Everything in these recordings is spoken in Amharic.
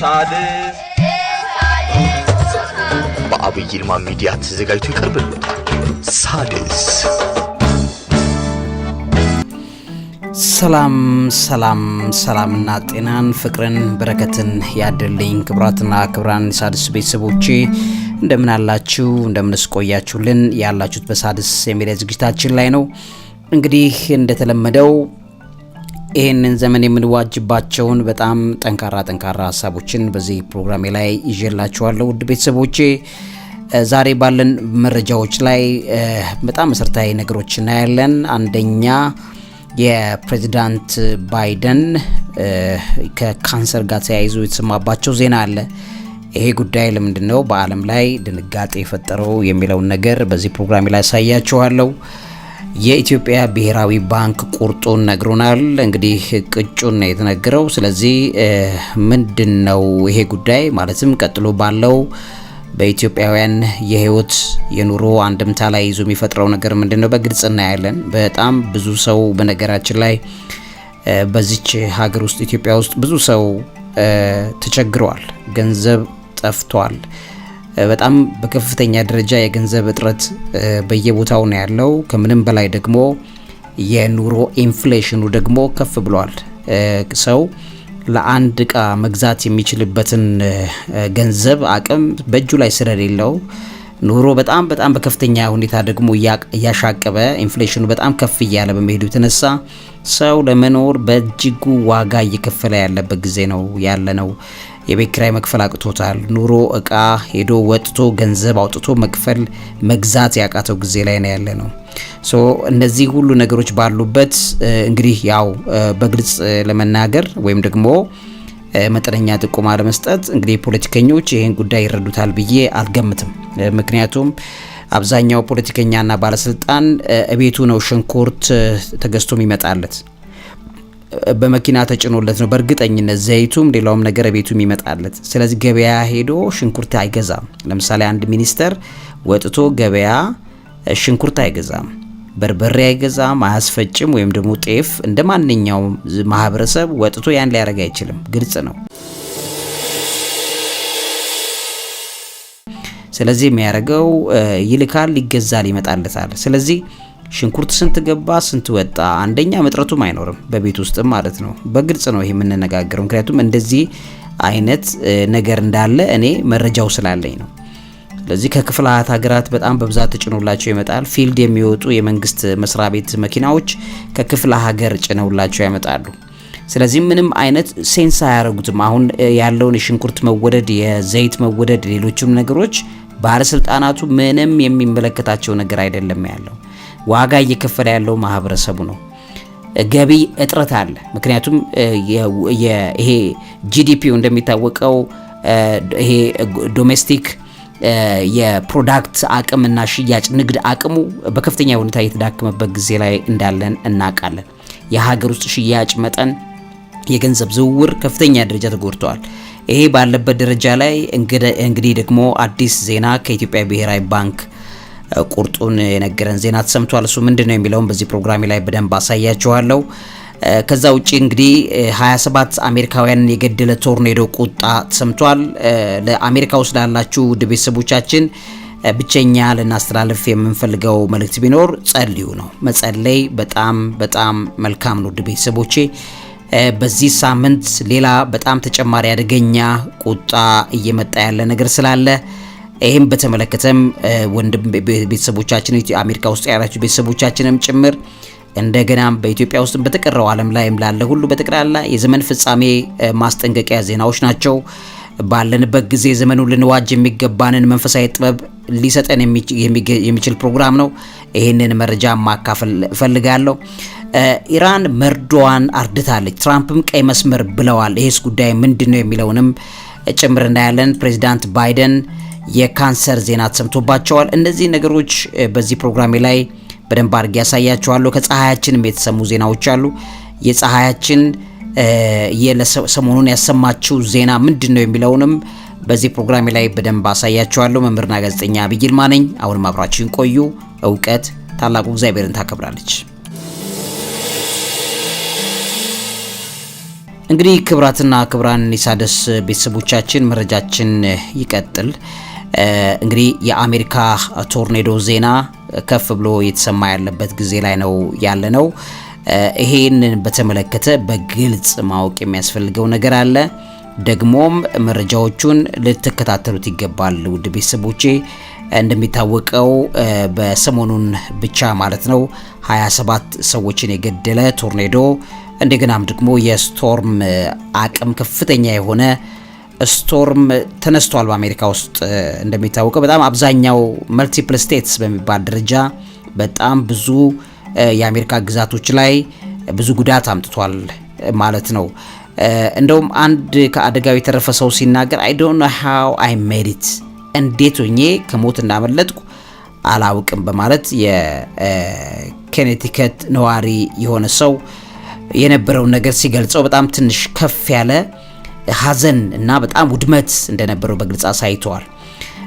ሳድስ በአብይ ይልማ ሚዲያ ተዘጋጅቶ ይቀርብልታል። ሳድስ ሰላም ሰላም ሰላምና ጤናን ፍቅርን በረከትን ያድልኝ። ክብራትና ክብራን የሳድስ ቤተሰቦቼ እንደምን አላችሁ? እንደምንስቆያችሁልን ያላችሁት በሳድስ የሚዲያ ዝግጅታችን ላይ ነው። እንግዲህ እንደተለመደው ይህንን ዘመን የምንዋጅባቸውን በጣም ጠንካራ ጠንካራ ሀሳቦችን በዚህ ፕሮግራሜ ላይ ይዤላችኋለሁ። ውድ ቤተሰቦቼ ዛሬ ባለን መረጃዎች ላይ በጣም መሰረታዊ ነገሮች እናያለን። አንደኛ የፕሬዚዳንት ባይደን ከካንሰር ጋር ተያይዞ የተሰማባቸው ዜና አለ። ይሄ ጉዳይ ለምንድን ነው በዓለም ላይ ድንጋጤ የፈጠረው የሚለውን ነገር በዚህ ፕሮግራሜ ላይ ያሳያችኋለሁ። የኢትዮጵያ ብሔራዊ ባንክ ቁርጡን ነግሮናል። እንግዲህ ቅጩን ነው የተነገረው። ስለዚህ ምንድን ነው ይሄ ጉዳይ ማለትም ቀጥሎ ባለው በኢትዮጵያውያን የህይወት የኑሮ አንድምታ ላይ ይዞ የሚፈጥረው ነገር ምንድን ነው በግልጽ እናያለን። በጣም ብዙ ሰው በነገራችን ላይ በዚች ሀገር ውስጥ ኢትዮጵያ ውስጥ ብዙ ሰው ተቸግሯል። ገንዘብ ጠፍቷል። በጣም በከፍተኛ ደረጃ የገንዘብ እጥረት በየቦታው ነው ያለው። ከምንም በላይ ደግሞ የኑሮ ኢንፍሌሽኑ ደግሞ ከፍ ብሏል። ሰው ለአንድ እቃ መግዛት የሚችልበትን ገንዘብ አቅም በእጁ ላይ ስለሌለው ኑሮ በጣም በጣም በከፍተኛ ሁኔታ ደግሞ እያሻቀበ ኢንፍሌሽኑ በጣም ከፍ እያለ በመሄዱ የተነሳ ሰው ለመኖር በእጅጉ ዋጋ እየከፈለ ያለበት ጊዜ ነው ያለ ነው። የቤት ኪራይ መክፈል አቅቶታል። ኑሮ እቃ ሄዶ ወጥቶ ገንዘብ አውጥቶ መክፈል መግዛት ያቃተው ጊዜ ላይ ነው ያለ ነው። ሶ እነዚህ ሁሉ ነገሮች ባሉበት እንግዲህ ያው በግልጽ ለመናገር ወይም ደግሞ መጠነኛ ጥቆማ ለመስጠት እንግዲህ ፖለቲከኞች ይህን ጉዳይ ይረዱታል ብዬ አልገምትም። ምክንያቱም አብዛኛው ፖለቲከኛና ባለስልጣን እቤቱ ነው ሽንኩርት ተገዝቶ ይመጣለት። በመኪና ተጭኖለት ነው በእርግጠኝነት ዘይቱም ሌላውም ነገር ቤቱም ይመጣለት። ስለዚህ ገበያ ሄዶ ሽንኩርት አይገዛም። ለምሳሌ አንድ ሚኒስተር ወጥቶ ገበያ ሽንኩርት አይገዛም፣ በርበሬ አይገዛም፣ አያስፈጭም። ወይም ደግሞ ጤፍ እንደ ማንኛውም ማህበረሰብ ወጥቶ ያን ሊያደርግ አይችልም። ግልጽ ነው። ስለዚህ የሚያደርገው ይልካል፣ ይገዛል፣ ይመጣለታል። ስለዚህ ሽንኩርት ስንት ገባ ስንት ወጣ፣ አንደኛ መጥረቱም አይኖርም በቤት ውስጥም ማለት ነው። በግልጽ ነው ይሄ የምንነጋገረው፣ ምክንያቱም እንደዚህ አይነት ነገር እንዳለ እኔ መረጃው ስላለኝ ነው። ስለዚህ ከክፍላት ሀገራት በጣም በብዛት ተጭኖላቸው ይመጣል። ፊልድ የሚወጡ የመንግስት መስሪያ ቤት መኪናዎች ከክፍለ ሀገር ጭነውላቸው ያመጣሉ። ስለዚህ ምንም አይነት ሴንስ አያደርጉትም። አሁን ያለውን የሽንኩርት መወደድ፣ የዘይት መወደድ፣ ሌሎችም ነገሮች ባለስልጣናቱ ምንም የሚመለከታቸው ነገር አይደለም ያለው ዋጋ እየከፈለ ያለው ማህበረሰቡ ነው። ገቢ እጥረት አለ። ምክንያቱም ይሄ ጂዲፒው እንደሚታወቀው ይሄ ዶሜስቲክ የፕሮዳክት አቅምና ሽያጭ ንግድ አቅሙ በከፍተኛ ሁኔታ የተዳከመበት ጊዜ ላይ እንዳለን እናውቃለን። የሀገር ውስጥ ሽያጭ መጠን፣ የገንዘብ ዝውውር ከፍተኛ ደረጃ ተጎድተዋል። ይሄ ባለበት ደረጃ ላይ እንግዲህ ደግሞ አዲስ ዜና ከኢትዮጵያ ብሔራዊ ባንክ ቁርጡን የነገረን ዜና ተሰምቷል። እሱ ምንድን ነው የሚለውን በዚህ ፕሮግራሜ ላይ በደንብ አሳያችኋለሁ። ከዛ ውጪ እንግዲህ 27 አሜሪካውያንን የገደለ ቶርኔዶ ቁጣ ተሰምቷል። ለአሜሪካ ውስጥ ላላችሁ ውድ ቤተሰቦቻችን ብቸኛ ልናስተላልፍ የምንፈልገው መልእክት ቢኖር ጸልዩ ነው። መጸለይ በጣም በጣም መልካም ነው። ውድ ቤተሰቦቼ በዚህ ሳምንት ሌላ በጣም ተጨማሪ አደገኛ ቁጣ እየመጣ ያለ ነገር ስላለ ይህም በተመለከተም ወንድም ቤተሰቦቻችን አሜሪካ ውስጥ ያላችሁ ቤተሰቦቻችንም ጭምር እንደገናም በኢትዮጵያ ውስጥ በተቀረው ዓለም ላይም ላለ ሁሉ በጠቅላላ የዘመን ፍጻሜ ማስጠንቀቂያ ዜናዎች ናቸው። ባለንበት ጊዜ ዘመኑ ልንዋጅ የሚገባንን መንፈሳዊ ጥበብ ሊሰጠን የሚችል ፕሮግራም ነው። ይህንን መረጃ ማካፈል እፈልጋለሁ። ኢራን መርዶዋን አርድታለች፣ ትራምፕም ቀይ መስመር ብለዋል። ይሄስ ጉዳይ ምንድን ነው የሚለውንም ጭምር እናያለን። ፕሬዚዳንት ባይደን የካንሰር ዜና ተሰምቶባቸዋል። እነዚህ ነገሮች በዚህ ፕሮግራሜ ላይ በደንብ አድርጌ ያሳያቸዋለሁ። ከፀሐያችንም የተሰሙ ዜናዎች አሉ። የፀሐያችን ሰሞኑን ያሰማችው ዜና ምንድን ነው የሚለውንም በዚህ ፕሮግራሜ ላይ በደንብ አሳያቸዋለሁ። መምህርና ጋዜጠኛ ዐቢይ ይልማ ነኝ። አሁንም አብራችሁን ቆዩ። እውቀት ታላቁ እግዚአብሔርን ታከብራለች። እንግዲህ ክብራትና ክብራን የሣድስ ቤተሰቦቻችን መረጃችን ይቀጥል። እንግዲህ የአሜሪካ ቶርኔዶ ዜና ከፍ ብሎ የተሰማ ያለበት ጊዜ ላይ ነው ያለ ነው። ይሄንን በተመለከተ በግልጽ ማወቅ የሚያስፈልገው ነገር አለ። ደግሞም መረጃዎቹን ልትከታተሉት ይገባል። ውድ ቤተሰቦቼ እንደሚታወቀው በሰሞኑን ብቻ ማለት ነው 27 ሰዎችን የገደለ ቶርኔዶ እንደገናም ደግሞ የስቶርም አቅም ከፍተኛ የሆነ ስቶርም ተነስቷል። በአሜሪካ ውስጥ እንደሚታወቀው በጣም አብዛኛው መልቲፕል ስቴትስ በሚባል ደረጃ በጣም ብዙ የአሜሪካ ግዛቶች ላይ ብዙ ጉዳት አምጥቷል ማለት ነው። እንደውም አንድ ከአደጋው የተረፈ ሰው ሲናገር አይ ዶንት ኖ ሃው አይ ሜድ እንዴት ሆኜ ከሞት እንዳመለጥኩ አላውቅም በማለት የኬኔቲከት ነዋሪ የሆነ ሰው የነበረውን ነገር ሲገልጸው በጣም ትንሽ ከፍ ያለ ሀዘን እና በጣም ውድመት እንደነበረው በግልጽ አሳይተዋል።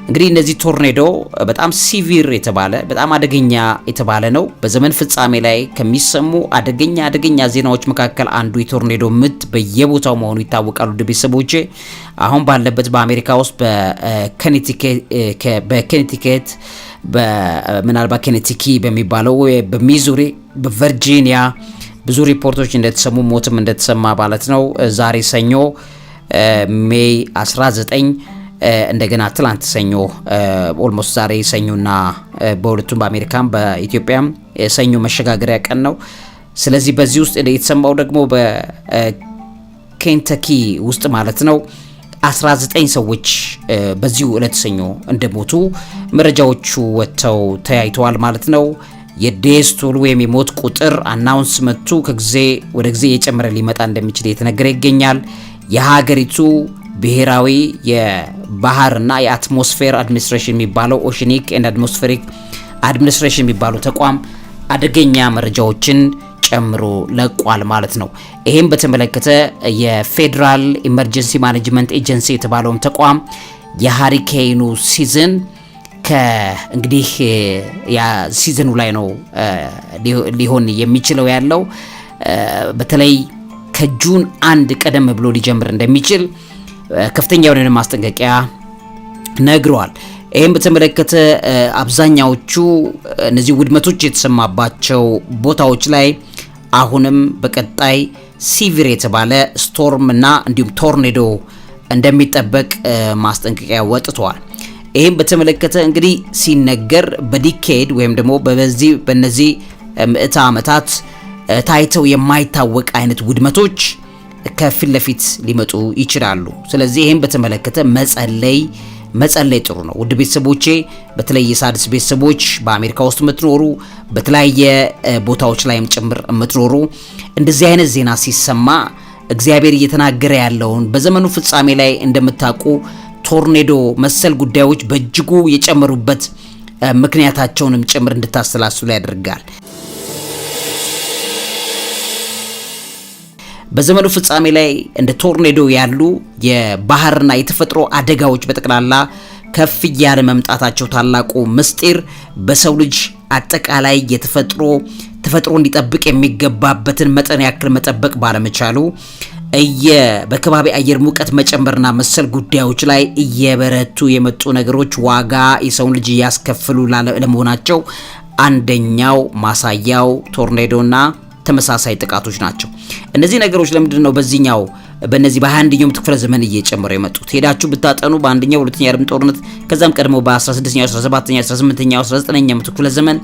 እንግዲህ እነዚህ ቶርኔዶ በጣም ሲቪር የተባለ በጣም አደገኛ የተባለ ነው። በዘመን ፍጻሜ ላይ ከሚሰሙ አደገኛ አደገኛ ዜናዎች መካከል አንዱ የቶርኔዶ ምት በየቦታው መሆኑ ይታወቃሉ። ውድ ቤተሰቦቼ አሁን ባለበት በአሜሪካ ውስጥ በኬኔቲኬት ምናልባት ኬኔቲኪ በሚባለው በሚዙሪ፣ በቨርጂኒያ ብዙ ሪፖርቶች እንደተሰሙ ሞትም እንደተሰማ ማለት ነው ዛሬ ሰኞ ሜይ 19 እንደገና ትላንት ሰኞ ኦልሞስት ዛሬ ሰኞና በሁለቱም በአሜሪካም በኢትዮጵያም ሰኞ መሸጋገሪያ ቀን ነው። ስለዚህ በዚህ ውስጥ የተሰማው ደግሞ በኬንተኪ ውስጥ ማለት ነው 19 ሰዎች በዚሁ ዕለት ሰኞ እንደሞቱ መረጃዎቹ ወጥተው ተያይተዋል ማለት ነው። የዴዝ ቶሉ ወይም የሞት ቁጥር አናውንስመንቱ ከጊዜ ወደ ጊዜ እየጨመረ ሊመጣ እንደሚችል እየተነገረ ይገኛል። የሀገሪቱ ብሔራዊ የባህርና የአትሞስፌር አድሚኒስትሬሽን የሚባለው ኦሽኒክ ኤንድ አትሞስፌሪክ አድሚኒስትሬሽን የሚባለው ተቋም አደገኛ መረጃዎችን ጨምሮ ለቋል ማለት ነው። ይህም በተመለከተ የፌዴራል ኢመርጀንሲ ማኔጅመንት ኤጀንሲ የተባለውን ተቋም የሃሪኬኑ ሲዝን ከእንግዲህ ሲዝኑ ላይ ነው ሊሆን የሚችለው ያለው በተለይ ከጁን አንድ ቀደም ብሎ ሊጀምር እንደሚችል ከፍተኛ የሆነ ማስጠንቀቂያ ነግሯል ይህም በተመለከተ አብዛኛዎቹ እነዚህ ውድመቶች የተሰማባቸው ቦታዎች ላይ አሁንም በቀጣይ ሲቪር የተባለ ስቶርም እና እንዲሁም ቶርኔዶ እንደሚጠበቅ ማስጠንቀቂያ ወጥተዋል። ይህም በተመለከተ እንግዲህ ሲነገር በዲኬድ ወይም ደግሞ በዚህ በነዚህ ምዕተ ዓመታት ታይተው የማይታወቅ አይነት ውድመቶች ከፊት ለፊት ሊመጡ ይችላሉ። ስለዚህ ይህም በተመለከተ መጸለይ መጸለይ ጥሩ ነው። ውድ ቤተሰቦቼ፣ በተለይ የሣድስ ቤተሰቦች በአሜሪካ ውስጥ የምትኖሩ በተለያየ ቦታዎች ላይም ጭምር የምትኖሩ እንደዚህ አይነት ዜና ሲሰማ እግዚአብሔር እየተናገረ ያለውን በዘመኑ ፍጻሜ ላይ እንደምታውቁ ቶርኔዶ መሰል ጉዳዮች በእጅጉ የጨመሩበት ምክንያታቸውንም ጭምር እንድታሰላስሉ ያደርጋል። በዘመኑ ፍጻሜ ላይ እንደ ቶርኔዶ ያሉ የባህርና የተፈጥሮ አደጋዎች በጠቅላላ ከፍ እያለ መምጣታቸው ታላቁ ምስጢር በሰው ልጅ አጠቃላይ የተፈጥሮ ተፈጥሮ እንዲጠብቅ የሚገባበትን መጠን ያክል መጠበቅ ባለመቻሉ በከባቢ አየር ሙቀት መጨመርና መሰል ጉዳዮች ላይ እየበረቱ የመጡ ነገሮች ዋጋ የሰውን ልጅ እያስከፍሉ ለመሆናቸው አንደኛው ማሳያው ቶርኔዶና ተመሳሳይ ጥቃቶች ናቸው። እነዚህ ነገሮች ለምንድን ነው በዚህኛው በእነዚህ በ21ኛውም ክፍለ ዘመን እየጨመረ የመጡት? ሄዳችሁ ብታጠኑ በአንደኛው ሁለተኛ የዓለም ጦርነት ከዛም ቀድሞ በ16ኛው 17ኛው 18ኛው 19ኛው ክፍለ ዘመን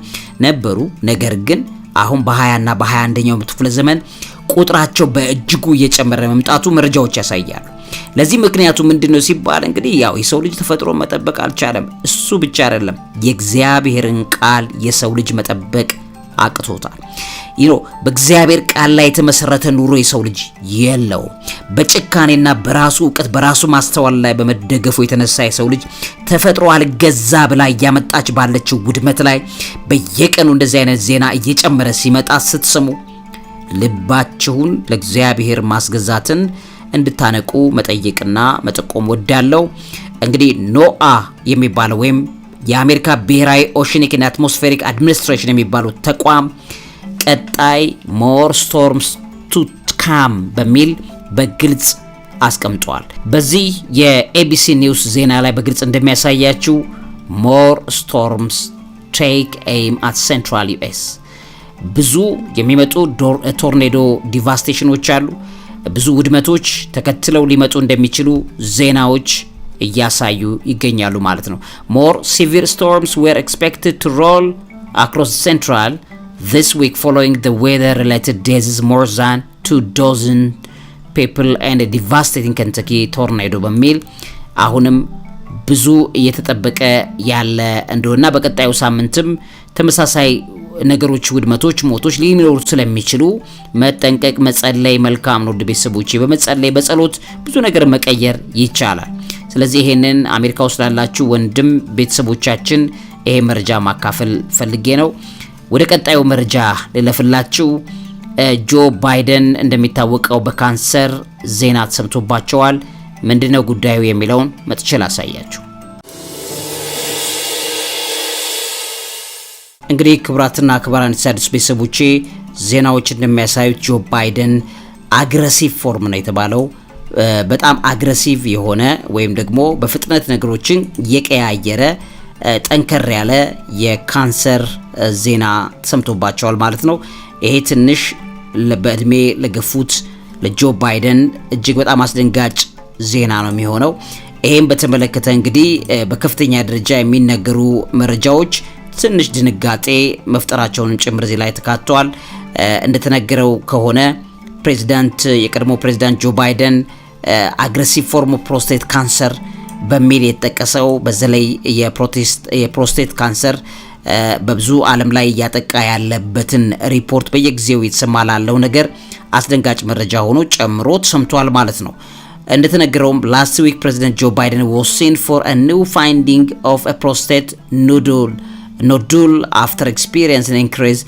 ነበሩ። ነገር ግን አሁን በ20 እና በ21ኛው ክፍለ ዘመን ቁጥራቸው በእጅጉ እየጨመረ መምጣቱ መረጃዎች ያሳያሉ። ለዚህ ምክንያቱ ምንድነው ሲባል እንግዲህ ያው የሰው ልጅ ተፈጥሮ መጠበቅ አልቻለም። እሱ ብቻ አይደለም፣ የእግዚአብሔርን ቃል የሰው ልጅ መጠበቅ አቅቶታል። ይህ ነው በእግዚአብሔር ቃል ላይ የተመሰረተ ኑሮ የሰው ልጅ የለውም። በጭካኔና በራሱ እውቀት በራሱ ማስተዋል ላይ በመደገፉ የተነሳ የሰው ልጅ ተፈጥሮ አልገዛ ብላ እያመጣች ባለችው ውድመት ላይ በየቀኑ እንደዚህ አይነት ዜና እየጨመረ ሲመጣ ስትሰሙ ልባችሁን ለእግዚአብሔር ማስገዛትን እንድታነቁ መጠየቅና መጠቆም ወዳለው። እንግዲህ ኖአ የሚባለው ወይም የአሜሪካ ብሔራዊ ኦሽኒክ ና አትሞስፌሪክ አድሚኒስትሬሽን የሚባሉት ተቋም ቀጣይ ሞር ስቶርምስ ቱ ካም በሚል በግልጽ አስቀምጠዋል። በዚህ የኤቢሲ ኒውስ ዜና ላይ በግልጽ እንደሚያሳያችው ሞር ስቶርምስ ቴክ ኤም አት ሴንትራል ዩኤስ ብዙ የሚመጡ ቶርኔዶ ዲቫስቴሽኖች አሉ። ብዙ ውድመቶች ተከትለው ሊመጡ እንደሚችሉ ዜናዎች እያሳዩ ይገኛሉ ማለት ነው። ሞር ሲቪር ስቶርምስ ዌር ኤክስፔክትድ ቱ ሮል አክሮስ ሴንትራል ዚስ ዊክ ፎሎዊንግ ዘ ዌዘር ሪሌትድ ዴዝስ ሞር ዛን ቱ ዶዝን ፔፕል ኤንድ ዲቫስቴቲንግ ከንተኪ ቶርናዶ በሚል አሁንም ብዙ እየተጠበቀ ያለ እንደሆነና በቀጣዩ ሳምንትም ተመሳሳይ ነገሮች፣ ውድመቶች፣ ሞቶች ሊኖሩ ስለሚችሉ መጠንቀቅ፣ መጸለይ መልካም ነው። ውድ ቤተሰቦቼ በመጸለይ በጸሎት ብዙ ነገር መቀየር ይቻላል። ስለዚህ ይሄንን አሜሪካ ውስጥ ላላችሁ ወንድም ቤተሰቦቻችን ይሄ መረጃ ማካፈል ፈልጌ ነው። ወደ ቀጣዩ መረጃ ልለፍላችሁ። ጆ ባይደን እንደሚታወቀው በካንሰር ዜና ተሰምቶባቸዋል። ምንድነው ጉዳዩ የሚለውን መጥቼ ላሳያችሁ። እንግዲህ ክቡራትና ክቡራን ሳድስ ቤተሰቦቼ ዜናዎች እንደሚያሳዩት ጆ ባይደን አግረሲቭ ፎርም ነው የተባለው በጣም አግረሲቭ የሆነ ወይም ደግሞ በፍጥነት ነገሮችን የቀያየረ ጠንከር ያለ የካንሰር ዜና ተሰምቶባቸዋል ማለት ነው። ይሄ ትንሽ በእድሜ ለገፉት ለጆ ባይደን እጅግ በጣም አስደንጋጭ ዜና ነው የሚሆነው። ይህም በተመለከተ እንግዲህ በከፍተኛ ደረጃ የሚነገሩ መረጃዎች ትንሽ ድንጋጤ መፍጠራቸውንም ጭምር እዚህ ላይ ተካተዋል። እንደተነገረው ከሆነ ፕሬዚዳንት የቀድሞ ፕሬዚዳንት ጆ ባይደን አግሬሲቭ ፎርም ፕሮስቴት ካንሰር በሚል የተጠቀሰው በተለይ የፕሮስቴት ካንሰር በብዙ ዓለም ላይ እያጠቃ ያለበትን ሪፖርት በየጊዜው የተሰማ ላለው ነገር አስደንጋጭ መረጃ ሆኖ ጨምሮ ተሰምቷል ማለት ነው። እንደተነገረውም ላስት ዊክ ፕሬዚደንት ጆ ባይደን ዋስ ሲን ፎር አ ኒው ፋይንዲንግ ኦፍ ፕሮስቴት ኖዱል አፍተር ኤክስፒሪየንስ ኢንክሪዝ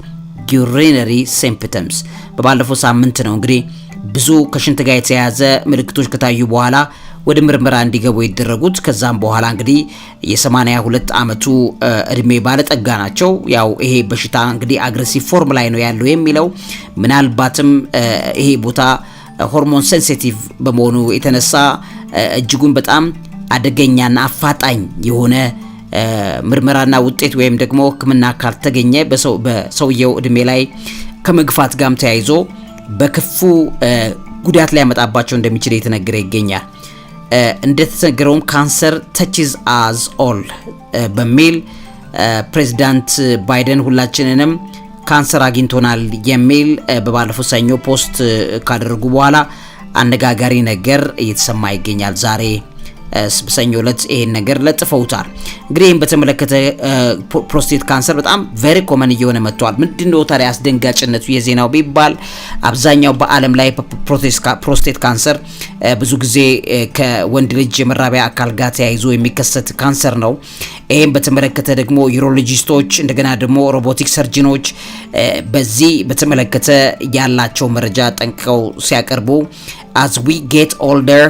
ዩሪነሪ ሲምፕተምስ በባለፈው ሳምንት ነው እንግዲህ ብዙ ከሽንት ጋር የተያያዘ ምልክቶች ከታዩ በኋላ ወደ ምርመራ እንዲገቡ ይደረጉት። ከዛም በኋላ እንግዲህ የ82 ዓመቱ እድሜ ባለጠጋ ናቸው። ያው ይሄ በሽታ እንግዲህ አግሬሲቭ ፎርም ላይ ነው ያለው የሚለው ምናልባትም ይሄ ቦታ ሆርሞን ሴንሲቲቭ በመሆኑ የተነሳ እጅጉን በጣም አደገኛና አፋጣኝ የሆነ ምርመራና ውጤት ወይም ደግሞ ሕክምና ካልተገኘ በሰውየው እድሜ ላይ ከመግፋት ጋርም ተያይዞ በክፉ ጉዳት ያመጣባቸው እንደሚችል እየተነገረ ይገኛል። እንደተነገረውም ካንሰር ተችዝ አዝ ኦል በሚል ፕሬዚዳንት ባይደን ሁላችንንም ካንሰር አግኝቶናል የሚል በባለፈው ሰኞ ፖስት ካደረጉ በኋላ አነጋጋሪ ነገር እየተሰማ ይገኛል ዛሬ ሰኞ ዕለት ይሄን ነገር ለጥፈውታል። እንግዲህ ይህን በተመለከተ ፕሮስቴት ካንሰር በጣም ቨሪ ኮመን እየሆነ መጥቷል። ምንድነው ታዲያ አስደንጋጭነቱ የዜናው ቢባል አብዛኛው በዓለም ላይ ፕሮስቴት ካንሰር ብዙ ጊዜ ከወንድ ልጅ የመራቢያ አካል ጋር ተያይዞ የሚከሰት ካንሰር ነው። ይህም በተመለከተ ደግሞ ዩሮሎጂስቶች እንደገና ደግሞ ሮቦቲክ ሰርጅኖች በዚህ በተመለከተ ያላቸው መረጃ ጠንቅቀው ሲያቀርቡ አዝ ዊ ጌት ኦልደር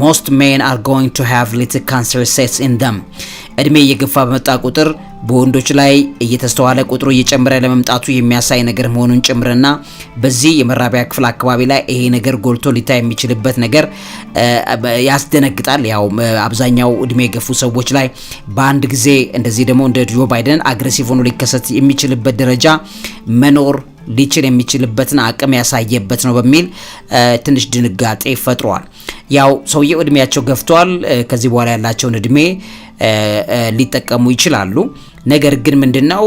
ሞስት ሜን አር ጎይንግ ቱ ሃቭ ሊትል ካንሰር ሴልስ ኢን ደም። እድሜ እየገፋ በመጣ ቁጥር በወንዶች ላይ እየተስተዋለ ቁጥሩ እየጨመረ ለመምጣቱ የሚያሳይ ነገር መሆኑን ጭምርና በዚህ የመራቢያ ክፍል አካባቢ ላይ ይሄ ነገር ጎልቶ ሊታይ የሚችልበት ነገር ያስደነግጣል። ያው አብዛኛው እድሜ የገፉ ሰዎች ላይ በአንድ ጊዜ እንደዚህ ደግሞ እንደ ጆ ባይደን አግሬሲቭ ሆኖ ሊከሰት የሚችልበት ደረጃ መኖር ሊችል የሚችልበትን አቅም ያሳየበት ነው በሚል ትንሽ ድንጋጤ ፈጥሯል። ያው ሰውየው እድሜያቸው ገፍቷል። ከዚህ በኋላ ያላቸውን እድሜ ሊጠቀሙ ይችላሉ። ነገር ግን ምንድነው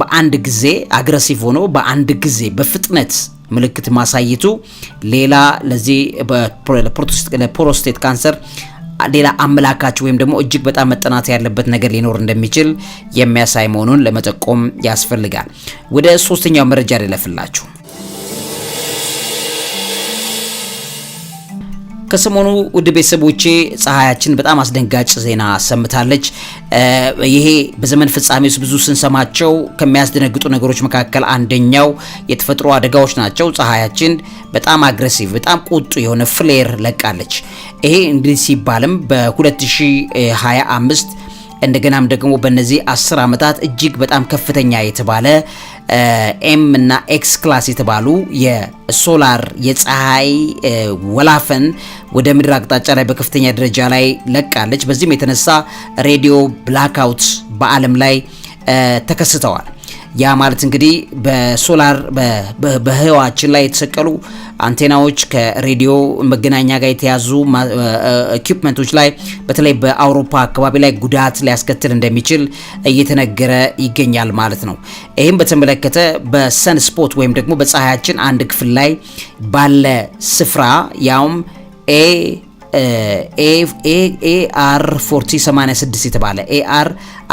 በአንድ ጊዜ አግረሲቭ ሆኖ በአንድ ጊዜ በፍጥነት ምልክት ማሳየቱ ሌላ ለዚህ ለፕሮስቴት ካንሰር ሌላ አመላካች ወይም ደግሞ እጅግ በጣም መጠናት ያለበት ነገር ሊኖር እንደሚችል የሚያሳይ መሆኑን ለመጠቆም ያስፈልጋል። ወደ ሶስተኛው መረጃ ልለፍላችሁ። ከሰሞኑ ውድ ቤተሰቦቼ ፀሐያችን በጣም አስደንጋጭ ዜና ሰምታለች። ይሄ በዘመን ፍጻሜ ውስጥ ብዙ ስንሰማቸው ከሚያስደነግጡ ነገሮች መካከል አንደኛው የተፈጥሮ አደጋዎች ናቸው። ፀሐያችን በጣም አግሬሲቭ፣ በጣም ቁጡ የሆነ ፍሌር ለቃለች። ይሄ እንግዲህ ሲባልም በ2025 እንደገናም ደግሞ በእነዚህ 10 ዓመታት እጅግ በጣም ከፍተኛ የተባለ ኤም እና ኤክስ ክላስ የተባሉ የሶላር የፀሐይ ወላፈን ወደ ምድር አቅጣጫ ላይ በከፍተኛ ደረጃ ላይ ለቃለች። በዚህም የተነሳ ሬዲዮ ብላክአውት በዓለም ላይ ተከስተዋል። ያ ማለት እንግዲህ በሶላር በህዋችን ላይ የተሰቀሉ አንቴናዎች ከሬዲዮ መገናኛ ጋር የተያዙ ኢኩፕመንቶች ላይ በተለይ በአውሮፓ አካባቢ ላይ ጉዳት ሊያስከትል እንደሚችል እየተነገረ ይገኛል ማለት ነው። ይህም በተመለከተ በሰን ስፖት ወይም ደግሞ በፀሐያችን አንድ ክፍል ላይ ባለ ስፍራ ያውም ኤ ኤአር 4086 የተባለ ኤአር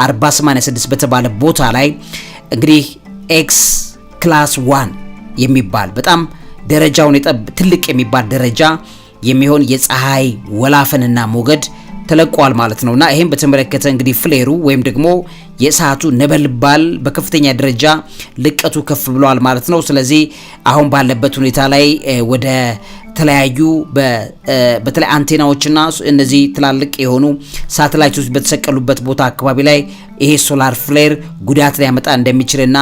4086 በተባለ ቦታ ላይ እንግዲህ ኤክስ ክላስ ዋን የሚባል በጣም ደረጃውን የጠብ ትልቅ የሚባል ደረጃ የሚሆን የፀሐይ ወላፈንና ሞገድ ተለቋል ማለት ነውና ይህም በተመለከተ እንግዲህ ፍሌሩ ወይም ደግሞ የእሳቱ ነበልባል በከፍተኛ ደረጃ ልቀቱ ከፍ ብሏል ማለት ነው። ስለዚህ አሁን ባለበት ሁኔታ ላይ ወደ ተለያዩ በተለይ አንቴናዎችና እነዚህ ትላልቅ የሆኑ ሳተላይቶች በተሰቀሉበት ቦታ አካባቢ ላይ ይሄ ሶላር ፍሌር ጉዳት ሊያመጣ እንደሚችልና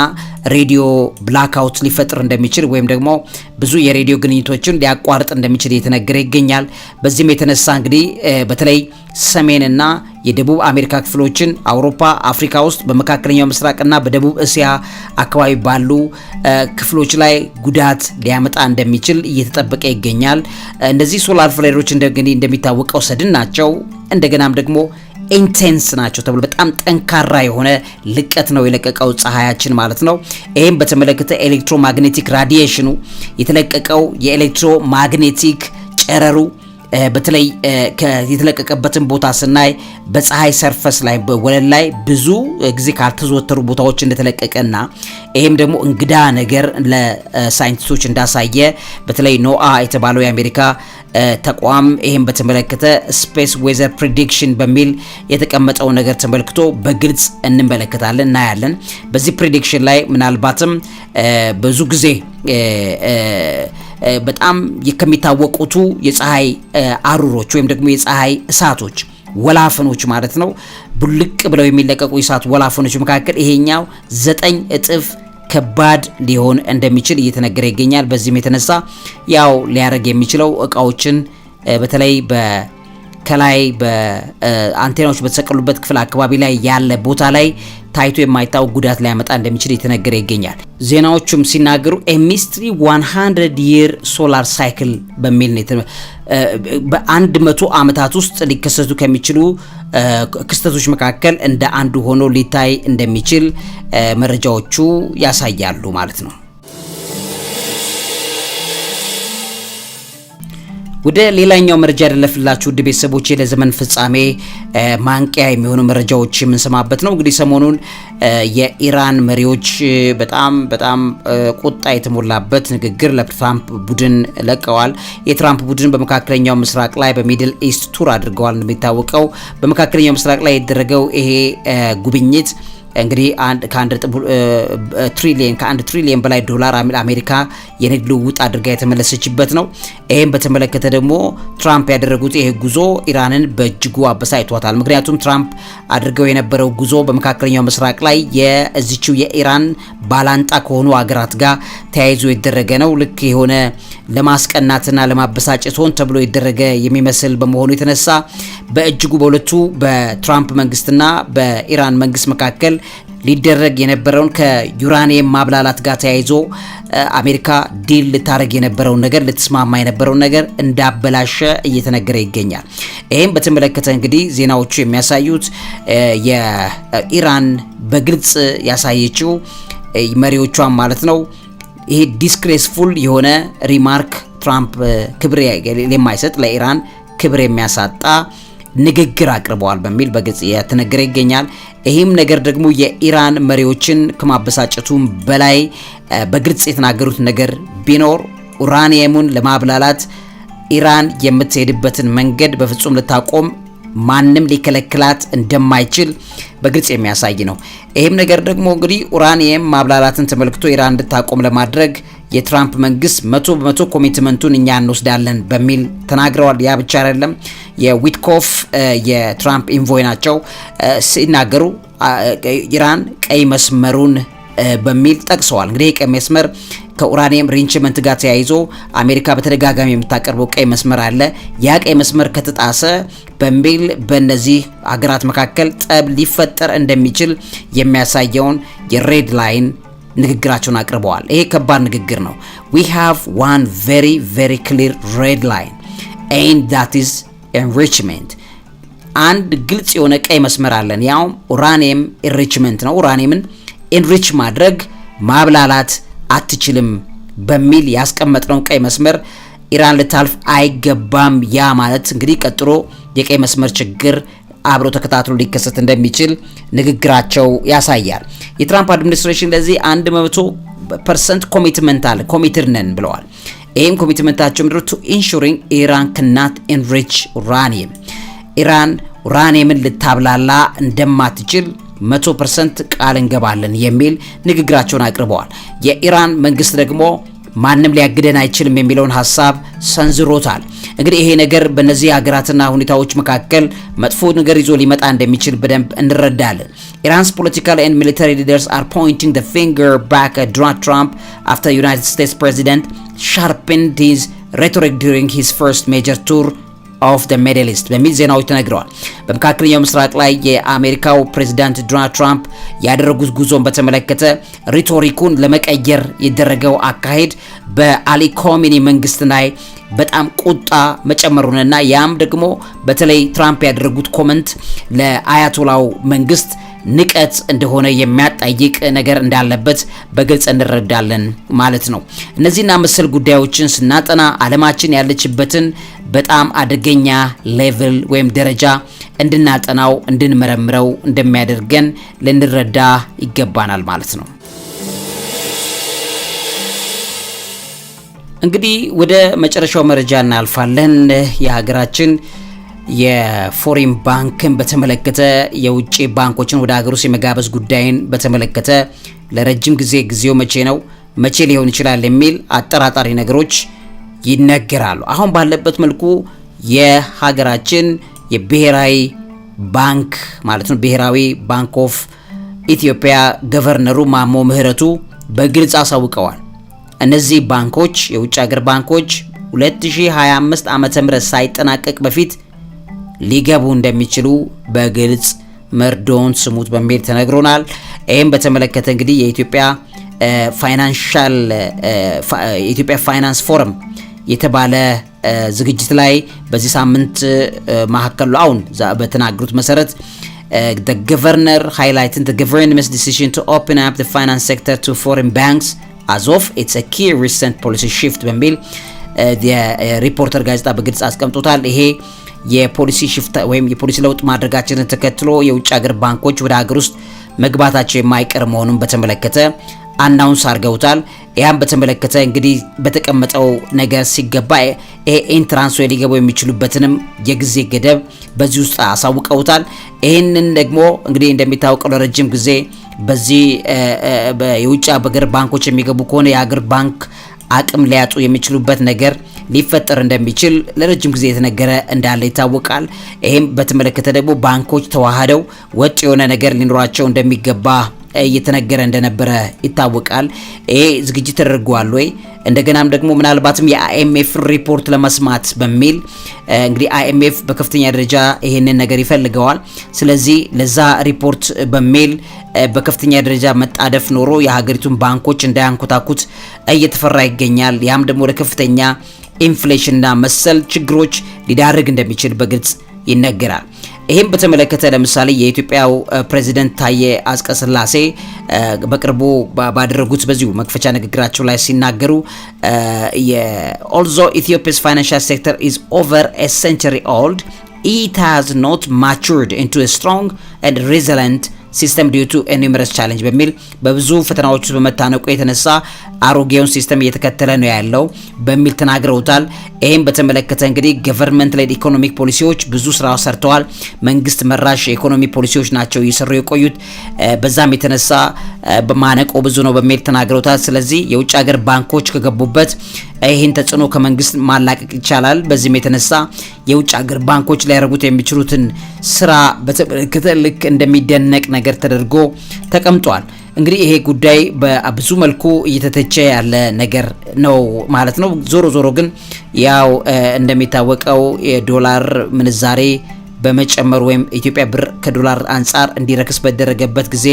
ሬዲዮ ብላክአውት ሊፈጥር እንደሚችል ወይም ደግሞ ብዙ የሬዲዮ ግንኙቶችን ሊያቋርጥ እንደሚችል እየተነገረ ይገኛል። በዚህም የተነሳ እንግዲህ በተለይ ሰሜንና የደቡብ አሜሪካ ክፍሎችን አውሮፓ፣ አፍሪካ ውስጥ በመካከለኛው ምስራቅና በደቡብ እስያ አካባቢ ባሉ ክፍሎች ላይ ጉዳት ሊያመጣ እንደሚችል እየተጠበቀ ይገኛል። እነዚህ ሶላር ፍሌሮች እንደሚታወቀው ሰድን ናቸው። እንደገናም ደግሞ ኢንቴንስ ናቸው ተብሎ በጣም ጠንካራ የሆነ ልቀት ነው የለቀቀው ፀሐያችን ማለት ነው። ይህም በተመለከተ ኤሌክትሮማግኔቲክ ራዲዬሽኑ የተለቀቀው የኤሌክትሮማግኔቲክ ጨረሩ በተለይ የተለቀቀበትን ቦታ ስናይ በፀሐይ ሰርፈስ ላይ ወለል ላይ ብዙ ጊዜ ካልተዘወተሩ ቦታዎች እንደተለቀቀና ይህም ደግሞ እንግዳ ነገር ለሳይንቲስቶች እንዳሳየ በተለይ ኖአ የተባለው የአሜሪካ ተቋም ይህም በተመለከተ ስፔስ ዌዘር ፕሪዲክሽን በሚል የተቀመጠው ነገር ተመልክቶ በግልጽ እንመለከታለን እናያለን። በዚህ ፕሪዲክሽን ላይ ምናልባትም ብዙ ጊዜ በጣም ከሚታወቁቱ የፀሐይ አሩሮች ወይም ደግሞ የፀሐይ እሳቶች ወላፈኖች ማለት ነው። ቡልቅ ብለው የሚለቀቁ የእሳት ወላፈኖች መካከል ይሄኛው ዘጠኝ እጥፍ ከባድ ሊሆን እንደሚችል እየተነገረ ይገኛል። በዚህም የተነሳ ያው ሊያደርግ የሚችለው እቃዎችን በተለይ ከላይ በአንቴናዎች በተሰቀሉበት ክፍል አካባቢ ላይ ያለ ቦታ ላይ ታይቶ የማይታወቅ ጉዳት ሊያመጣ እንደሚችል የተነገረ ይገኛል። ዜናዎቹም ሲናገሩ ኤሚስትሪ 100 የር ሶላር ሳይክል በሚል ነው በአንድ መቶ ዓመታት ውስጥ ሊከሰቱ ከሚችሉ ክስተቶች መካከል እንደ አንዱ ሆኖ ሊታይ እንደሚችል መረጃዎቹ ያሳያሉ ማለት ነው። ወደ ሌላኛው መረጃ ያደለፍላችሁ ውድ ቤተሰቦች ለዘመን ፍጻሜ ማንቂያ የሚሆኑ መረጃዎች የምንሰማበት ነው። እንግዲህ ሰሞኑን የኢራን መሪዎች በጣም በጣም ቁጣ የተሞላበት ንግግር ለትራምፕ ቡድን ለቀዋል። የትራምፕ ቡድን በመካከለኛው ምስራቅ ላይ በሚድል ኢስት ቱር አድርገዋል። እንደሚታወቀው በመካከለኛው ምስራቅ ላይ የተደረገው ይሄ ጉብኝት እንግዲህ አንድ ከአንድ ትሪሊየን ከአንድ ትሪሊየን በላይ ዶላር አሜሪካ የንግድ ልውውጥ አድርጋ የተመለሰችበት ነው። ይህም በተመለከተ ደግሞ ትራምፕ ያደረጉት ይሄ ጉዞ ኢራንን በእጅጉ አበሳጭቷታል። ምክንያቱም ትራምፕ አድርገው የነበረው ጉዞ በመካከለኛው ምስራቅ ላይ የዚችው የኢራን ባላንጣ ከሆኑ አገራት ጋር ተያይዞ የደረገ ነው። ልክ የሆነ ለማስቀናትና ለማበሳጨት ሆን ተብሎ የደረገ የሚመስል በመሆኑ የተነሳ በእጅጉ በሁለቱ በትራምፕ መንግስትና በኢራን መንግስት መካከል ሊደረግ የነበረውን ከዩራኒየም ማብላላት ጋር ተያይዞ አሜሪካ ዲል ልታደረግ የነበረውን ነገር ልትስማማ የነበረውን ነገር እንዳበላሸ እየተነገረ ይገኛል። ይህም በተመለከተ እንግዲህ ዜናዎቹ የሚያሳዩት የኢራን በግልጽ ያሳየችው መሪዎቿን ማለት ነው። ይሄ ዲስግሬስፉል የሆነ ሪማርክ ትራምፕ ክብር የማይሰጥ ለኢራን ክብር የሚያሳጣ ንግግር አቅርበዋል በሚል በግልጽ እያተነገረ ይገኛል። ይህም ነገር ደግሞ የኢራን መሪዎችን ከማበሳጨቱም በላይ በግልጽ የተናገሩት ነገር ቢኖር ኡራኒየሙን ለማብላላት ኢራን የምትሄድበትን መንገድ በፍጹም ልታቆም ማንም ሊከለክላት እንደማይችል በግልጽ የሚያሳይ ነው። ይህም ነገር ደግሞ እንግዲህ ኡራኒየም ማብላላትን ተመልክቶ ኢራን እንድታቆም ለማድረግ የትራምፕ መንግስት መቶ በመቶ ኮሚትመንቱን እኛ እንወስዳለን በሚል ተናግረዋል። ያ ብቻ አይደለም። የዊትኮፍ የትራምፕ ኢንቮይ ናቸው ሲናገሩ ኢራን ቀይ መስመሩን በሚል ጠቅሰዋል። እንግዲህ ቀይ መስመር ከኡራኒየም ሪንችመንት ጋር ተያይዞ አሜሪካ በተደጋጋሚ የምታቀርበው ቀይ መስመር አለ። ያ ቀይ መስመር ከተጣሰ በሚል በእነዚህ አገራት መካከል ጠብ ሊፈጠር እንደሚችል የሚያሳየውን የሬድ ላይን ንግግራቸውን አቅርበዋል። ይሄ ከባድ ንግግር ነው። ዊ ሃቭ ዋን ቨሪ ቨሪ ክሊር ሬድ ላይን and that is ኤንሪችመንት አንድ ግልጽ የሆነ ቀይ መስመር አለን። ያውም ኡራኒየም ኢንሪችመንት ነው። ኡራኒየምን ኢንሪች ማድረግ ማብላላት አትችልም በሚል ያስቀመጥነው ቀይ መስመር ኢራን ልታልፍ አይገባም። ያ ማለት እንግዲህ ቀጥሎ የቀይ መስመር ችግር አብሮ ተከታትሎ ሊከሰት እንደሚችል ንግግራቸው ያሳያል። የትራምፕ አድሚኒስትሬሽን ለዚህ 100 ፐርሰንት ኮሚትመንት አለ ኮሚትድ ነን ብለዋል። ይህም ኮሚትመንታቸው ምድር ቱ ኢንሹሪንግ ኢራን ክናት ኢንሪች ኡራኒየም ኢራን ኡራኒየምን ልታብላላ እንደማትችል መቶ ፐርሰንት ቃል እንገባለን የሚል ንግግራቸውን አቅርበዋል። የኢራን መንግስት ደግሞ ማንም ሊያግደን አይችልም የሚለውን ሀሳብ ሰንዝሮታል። እንግዲህ ይሄ ነገር በእነዚህ ሀገራትና ሁኔታዎች መካከል መጥፎ ነገር ይዞ ሊመጣ እንደሚችል በደንብ እንረዳለን። ኢራንስ ፖለቲካል ኤንድ ሚሊታሪ ሊደርስ አር ፖይንቲንግ ዘ ፊንገር ባክ አት ዶናልድ ትራምፕ አፍተር ዩናይትድ ስቴትስ ፕሬዚደንት ሻርፕንድ ሂዝ ሬቶሪክ ዱሪንግ ሂዝ ፈርስት ሜጀር ቱር ኦፍ ዘ ሚድል ኢስት በሚል ዜናዎች ተነግረዋል። በመካከለኛው ምስራቅ ላይ የአሜሪካው ፕሬዚዳንት ዶናልድ ትራምፕ ያደረጉት ጉዞን በተመለከተ ሪቶሪኩን ለመቀየር የደረገው አካሄድ በአሊ ኮሚኒ መንግስት ላይ በጣም ቁጣ መጨመሩንና ያም ደግሞ በተለይ ትራምፕ ያደረጉት ኮመንት ለአያቶላው መንግስት ንቀት እንደሆነ የሚያጠይቅ ነገር እንዳለበት በግልጽ እንረዳለን ማለት ነው። እነዚህና መሰል ጉዳዮችን ስናጠና ዓለማችን ያለችበትን በጣም አደገኛ ሌቭል ወይም ደረጃ እንድናጠናው፣ እንድንመረምረው እንደሚያደርገን ልንረዳ ይገባናል ማለት ነው። እንግዲህ ወደ መጨረሻው መረጃ እናልፋለን። የሀገራችን የፎሪን ባንክን በተመለከተ የውጭ ባንኮችን ወደ ሀገር ውስጥ የመጋበዝ ጉዳይን በተመለከተ ለረጅም ጊዜ ጊዜው መቼ ነው መቼ ሊሆን ይችላል የሚል አጠራጣሪ ነገሮች ይነገራሉ። አሁን ባለበት መልኩ የሀገራችን የብሔራዊ ባንክ ማለት ነው ብሔራዊ ባንክ ኦፍ ኢትዮጵያ ገቨርነሩ ማሞ ምህረቱ በግልጽ አሳውቀዋል። እነዚህ ባንኮች የውጭ ሀገር ባንኮች 2025 ዓመተ ምህረት ሳይጠናቀቅ በፊት ሊገቡ እንደሚችሉ በግልጽ መርዶውን ስሙት በሚል ተነግሮናል። ይህም በተመለከተ እንግዲህ የኢትዮጵያ ፋይናንሻል የኢትዮጵያ ፋይናንስ ፎረም የተባለ ዝግጅት ላይ በዚህ ሳምንት ማካከሉ አሁን በተናገሩት መሰረት the governor highlighting the government's ፋይናንስ to open ባንክስ አዞፍ ኢትስ አ ኪ ሪሰንት ፖሊሲ ሺፍት በሚል የሪፖርተር uh, uh, ጋዜጣ በግልጽ አስቀምጦታል። ይሄ የፖሊሲ ሽፍት ወይም የፖሊሲ ለውጥ ማድረጋችንን ተከትሎ የውጭ ሀገር ባንኮች ወደ ሀገር ውስጥ መግባታቸው የማይቀር መሆኑን በተመለከተ አናውንስ አድርገውታል። ያን በተመለከተ እንግዲህ በተቀመጠው ነገር ሲገባ ይሄ ኤንትራንስ ወይ ሊገቡ የሚችሉበትንም የጊዜ ገደብ በዚህ ውስጥ አሳውቀውታል። ይህንን ደግሞ እንግዲህ እንደሚታወቀው ለረጅም ጊዜ በዚህ የውጭ ሀገር ባንኮች የሚገቡ ከሆነ የሀገር ባንክ አቅም ሊያጡ የሚችሉበት ነገር ሊፈጠር እንደሚችል ለረጅም ጊዜ የተነገረ እንዳለ ይታወቃል። ይህም በተመለከተ ደግሞ ባንኮች ተዋህደው ወጥ የሆነ ነገር ሊኖራቸው እንደሚገባ እየተነገረ እንደነበረ ይታወቃል። ይሄ ዝግጅት ተደርጓል ወይ? እንደገናም ደግሞ ምናልባትም የአይኤምኤፍ ሪፖርት ለመስማት በሚል እንግዲህ አይኤምኤፍ በከፍተኛ ደረጃ ይህንን ነገር ይፈልገዋል። ስለዚህ ለዛ ሪፖርት በሚል በከፍተኛ ደረጃ መጣደፍ ኖሮ የሀገሪቱን ባንኮች እንዳያንኮታኩት እየተፈራ ይገኛል። ያም ደግሞ ወደ ከፍተኛ ኢንፍሌሽንና መሰል ችግሮች ሊዳርግ እንደሚችል በግልጽ ይነገራል። ይህም በተመለከተ ለምሳሌ የኢትዮጵያው ፕሬዚደንት ታዬ አጽቀሥላሴ በቅርቡ ባደረጉት በዚሁ መክፈቻ ንግግራቸው ላይ ሲናገሩ ኦልዞ ኢትዮጵያስ ፋይናንሻል ሴክተር ኢዝ ኦቨር ኤ ሴንቸሪ ኦልድ ኢት ሃዝ ኖት ማቹርድ ኢንቱ ስትሮንግ ኤንድ ሬዚለንት ሲስተም ቱ ኤኒመረስ ቻሌንጅ በሚል በብዙ ፈተናዎች ውስጥ በመታነቁ የተነሳ አሮጌውን ሲስተም እየተከተለ ነው ያለው በሚል ተናግረውታል። ይህም በተመለከተ እንግዲህ ገቨርንመንት ላይ ኢኮኖሚክ ፖሊሲዎች ብዙ ስራ ሰርተዋል። መንግስት መራሽ የኢኮኖሚ ፖሊሲዎች ናቸው እየሰሩ የቆዩት። በዛም የተነሳ በማነቆ ብዙ ነው በሚል ተናግረውታል። ስለዚህ የውጭ ሀገር ባንኮች ከገቡበት ይህን ተጽዕኖ ከመንግስት ማላቀቅ ይቻላል። በዚህም የተነሳ የውጭ ሀገር ባንኮች ሊያደርጉት የሚችሉትን ስራ በተመለከተ ልክ እንደሚደነቅ ነገር ተደርጎ ተቀምጧል። እንግዲህ ይሄ ጉዳይ በብዙ መልኩ እየተተቸ ያለ ነገር ነው ማለት ነው። ዞሮ ዞሮ ግን ያው እንደሚታወቀው የዶላር ምንዛሬ በመጨመሩ ወይም ኢትዮጵያ ብር ከዶላር አንጻር እንዲረክስ በደረገበት ጊዜ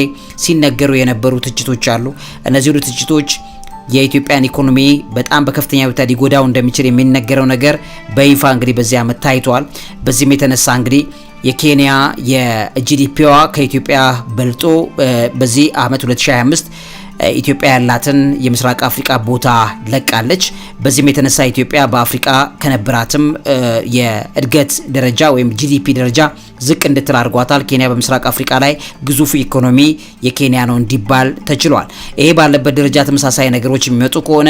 ሲነገሩ የነበሩ ትችቶች አሉ። እነዚህ ትችቶች የኢትዮጵያን ኢኮኖሚ በጣም በከፍተኛ ሁኔታ ሊጎዳው እንደሚችል የሚነገረው ነገር በይፋ እንግዲህ በዚህ ዓመት ታይቷል። በዚህም የተነሳ እንግዲህ የኬንያ የጂዲፒዋ ከኢትዮጵያ በልጦ በዚህ ዓመት 2025 ኢትዮጵያ ያላትን የምስራቅ አፍሪካ ቦታ ለቃለች። በዚህም የተነሳ ኢትዮጵያ በአፍሪካ ከነበራትም የእድገት ደረጃ ወይም ጂዲፒ ደረጃ ዝቅ እንድትል አድርጓታል። ኬንያ በምስራቅ አፍሪካ ላይ ግዙፍ ኢኮኖሚ የኬንያ ነው እንዲባል ተችሏል። ይሄ ባለበት ደረጃ ተመሳሳይ ነገሮች የሚመጡ ከሆነ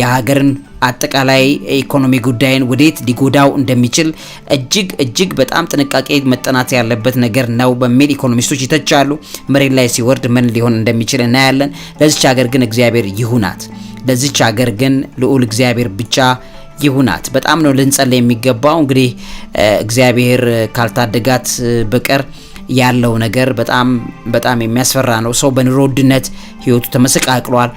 የሀገርን አጠቃላይ ኢኮኖሚ ጉዳይን ወዴት ሊጎዳው እንደሚችል እጅግ እጅግ በጣም ጥንቃቄ መጠናት ያለበት ነገር ነው በሚል ኢኮኖሚስቶች ይተቻሉ። መሬት ላይ ሲወርድ ምን ሊሆን እንደሚችል እናያለን። ለዚች ሀገር ግን እግዚአብሔር ይሁናት። ለዚች ሀገር ግን ልዑል እግዚአብሔር ብቻ ይሁናት። በጣም ነው ልንጸልይ የሚገባው። እንግዲህ እግዚአብሔር ካልታደጋት በቀር ያለው ነገር በጣም በጣም የሚያስፈራ ነው። ሰው በኑሮ ውድነት ህይወቱ ተመሰቃቅሏል።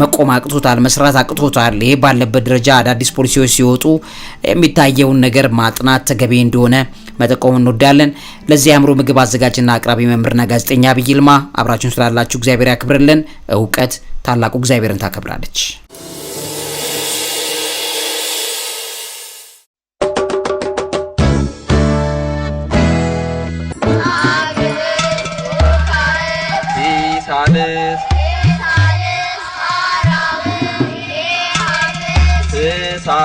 መቆም አቅቶታል። መስራት አቅቶታል። ይሄ ባለበት ደረጃ አዳዲስ ፖሊሲዎች ሲወጡ የሚታየውን ነገር ማጥናት ተገቢ እንደሆነ መጠቆም እንወዳለን። ለዚህ አእምሮ ምግብ አዘጋጅና አቅራቢ መምህርና ጋዜጠኛ ዐቢይ ይልማ። አብራችሁን ስላላችሁ እግዚአብሔር ያክብርልን። እውቀት ታላቁ እግዚአብሔርን ታከብራለች።